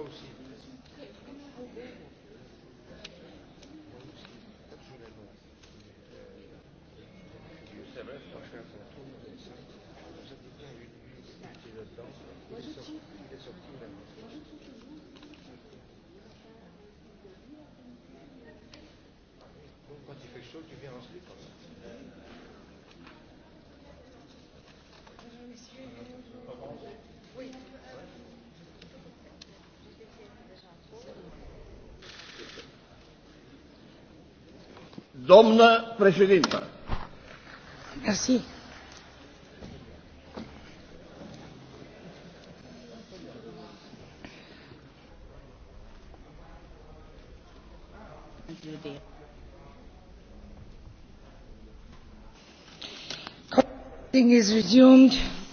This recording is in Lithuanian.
aussi. C'est vrai, franchement, c'est un tour de ça. Vous avez bien une qui est dedans. Il est sorti, il est sorti là. Quand il fait chaud, tu viens en slip. Hein. Doamnă președintă! Mersi. Meeting is resumed.